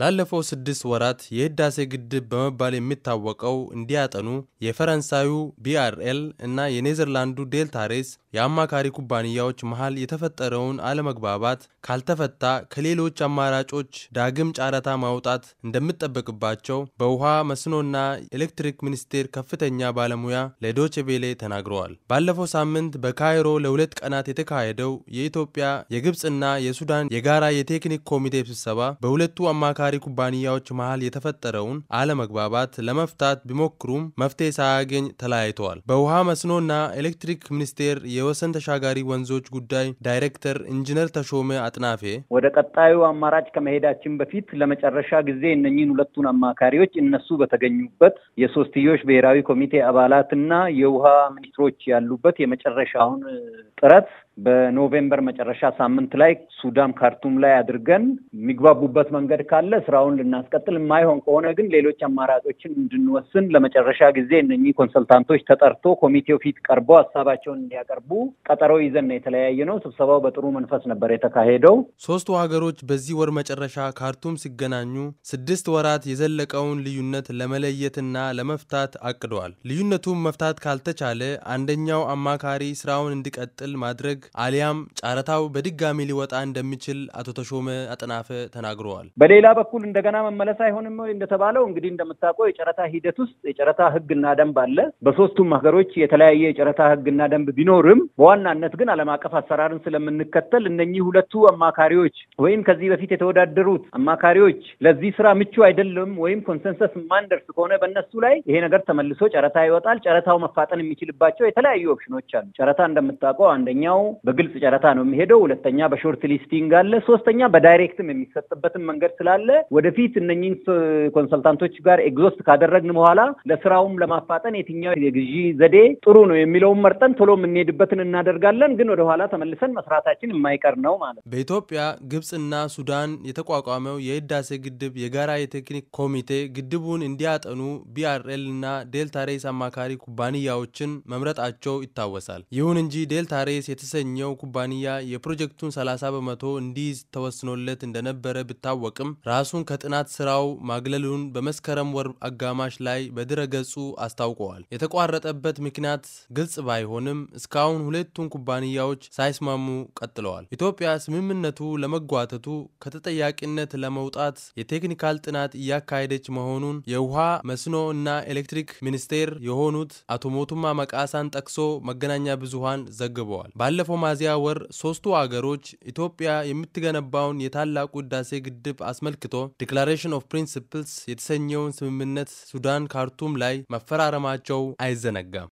ላለፈው ስድስት ወራት የህዳሴ ግድብ በመባል የሚታወቀው እንዲያጠኑ የፈረንሳዩ ቢአርኤል እና የኔዘርላንዱ ዴልታ ሬስ የአማካሪ ኩባንያዎች መሀል የተፈጠረውን አለመግባባት ካልተፈታ ከሌሎች አማራጮች ዳግም ጨረታ ማውጣት እንደሚጠበቅባቸው በውሃ መስኖና ኤሌክትሪክ ሚኒስቴር ከፍተኛ ባለሙያ ለዶችቬሌ ተናግረዋል። ባለፈው ሳምንት በካይሮ ለሁለት ቀናት የተካሄደው የኢትዮጵያ የግብፅና የሱዳን የጋራ የቴክኒክ ኮሚቴ ስብሰባ በሁለቱ አማካሪ ኩባንያዎች መሀል የተፈጠረውን አለመግባባት ለመፍታት ቢሞክሩም መፍትሄ ሳያገኝ ተለያይተዋል። በውሃ መስኖና ኤሌክትሪክ ሚኒስቴር የወሰን ተሻጋሪ ወንዞች ጉዳይ ዳይሬክተር ኢንጂነር ተሾመ አጥናፌ ወደ ቀጣዩ አማራጭ ከመሄዳችን በፊት ለመጨረሻ ጊዜ እነኚህን ሁለቱን አማካሪዎች እነሱ በተገኙበት የሶስትዮሽ ብሔራዊ ኮሚቴ አባላትና የውሃ ሚኒስትሮች ያሉበት የመጨረሻውን ጥረት በኖቬምበር መጨረሻ ሳምንት ላይ ሱዳን ካርቱም ላይ አድርገን የሚግባቡበት መንገድ ካለ ስራውን ልናስቀጥል፣ የማይሆን ከሆነ ግን ሌሎች አማራጮችን እንድንወስን ለመጨረሻ ጊዜ እነኚህ ኮንሰልታንቶች ተጠርቶ ኮሚቴው ፊት ቀርበው ሀሳባቸውን እንዲያቀርቡ ቀጠሮ ይዘን ነው የተለያየ ነው። ስብሰባው በጥሩ መንፈስ ነበር የተካሄደው። ሶስቱ ሀገሮች በዚህ ወር መጨረሻ ካርቱም ሲገናኙ ስድስት ወራት የዘለቀውን ልዩነት ለመለየትና ለመፍታት አቅደዋል። ልዩነቱን መፍታት ካልተቻለ አንደኛው አማካሪ ስራውን እንዲቀጥል ማድረግ አሊያም ጨረታው በድጋሚ ሊወጣ እንደሚችል አቶ ተሾመ አጥናፈ ተናግረዋል። በሌላ በኩል እንደገና መመለስ አይሆንም እንደተባለው እንግዲህ እንደምታውቀው የጨረታ ሂደት ውስጥ የጨረታ ህግና ደንብ አለ። በሶስቱም ሀገሮች የተለያየ የጨረታ ህግና ደንብ ቢኖርም በዋናነት ግን ዓለም አቀፍ አሰራርን ስለምንከተል እነኚህ ሁለቱ አማካሪዎች ወይም ከዚህ በፊት የተወዳደሩት አማካሪዎች ለዚህ ስራ ምቹ አይደለም ወይም ኮንሰንሰስ ማንደርስ ከሆነ በእነሱ ላይ ይሄ ነገር ተመልሶ ጨረታ ይወጣል። ጨረታው መፋጠን የሚችልባቸው የተለያዩ ኦፕሽኖች አሉ። ጨረታ እንደምታውቀው አንደኛው በግልጽ ጨረታ ነው የሚሄደው። ሁለተኛ በሾርት ሊስቲንግ አለ። ሶስተኛ በዳይሬክትም የሚሰጥበትን መንገድ ስላለ ወደፊት እነኝን ኮንሰልታንቶች ጋር ኤግዞስት ካደረግን በኋላ ለስራውም ለማፋጠን የትኛው የግዢ ዘዴ ጥሩ ነው የሚለውን መርጠን ቶሎ የምንሄድበትን እናደርጋለን። ግን ወደኋላ ተመልሰን መስራታችን የማይቀር ነው ማለት ነው። በኢትዮጵያ ግብፅና ሱዳን የተቋቋመው የህዳሴ ግድብ የጋራ የቴክኒክ ኮሚቴ ግድቡን እንዲያጠኑ ቢአርኤል እና ዴልታ ሬስ አማካሪ ኩባንያዎችን መምረጣቸው ይታወሳል። ይሁን እንጂ ዴልታ ሬስ የተሰ የተሰኘው ኩባንያ የፕሮጀክቱን 30 በመቶ እንዲይዝ ተወስኖለት እንደነበረ ቢታወቅም ራሱን ከጥናት ስራው ማግለሉን በመስከረም ወር አጋማሽ ላይ በድረገጹ አስታውቀዋል። የተቋረጠበት ምክንያት ግልጽ ባይሆንም እስካሁን ሁለቱን ኩባንያዎች ሳይስማሙ ቀጥለዋል። ኢትዮጵያ ስምምነቱ ለመጓተቱ ከተጠያቂነት ለመውጣት የቴክኒካል ጥናት እያካሄደች መሆኑን የውሃ መስኖ እና ኤሌክትሪክ ሚኒስቴር የሆኑት አቶ ሞቱማ መቃሳን ጠቅሶ መገናኛ ብዙሃን ዘግበዋል። ባለፈው ባለፈው ወር ሶስቱ አገሮች ኢትዮጵያ የምትገነባውን የታላቁ ህዳሴ ግድብ አስመልክቶ ዲክላሬሽን ኦፍ ፕሪንስፕልስ የተሰኘውን ስምምነት ሱዳን ካርቱም ላይ መፈራረማቸው አይዘነጋም።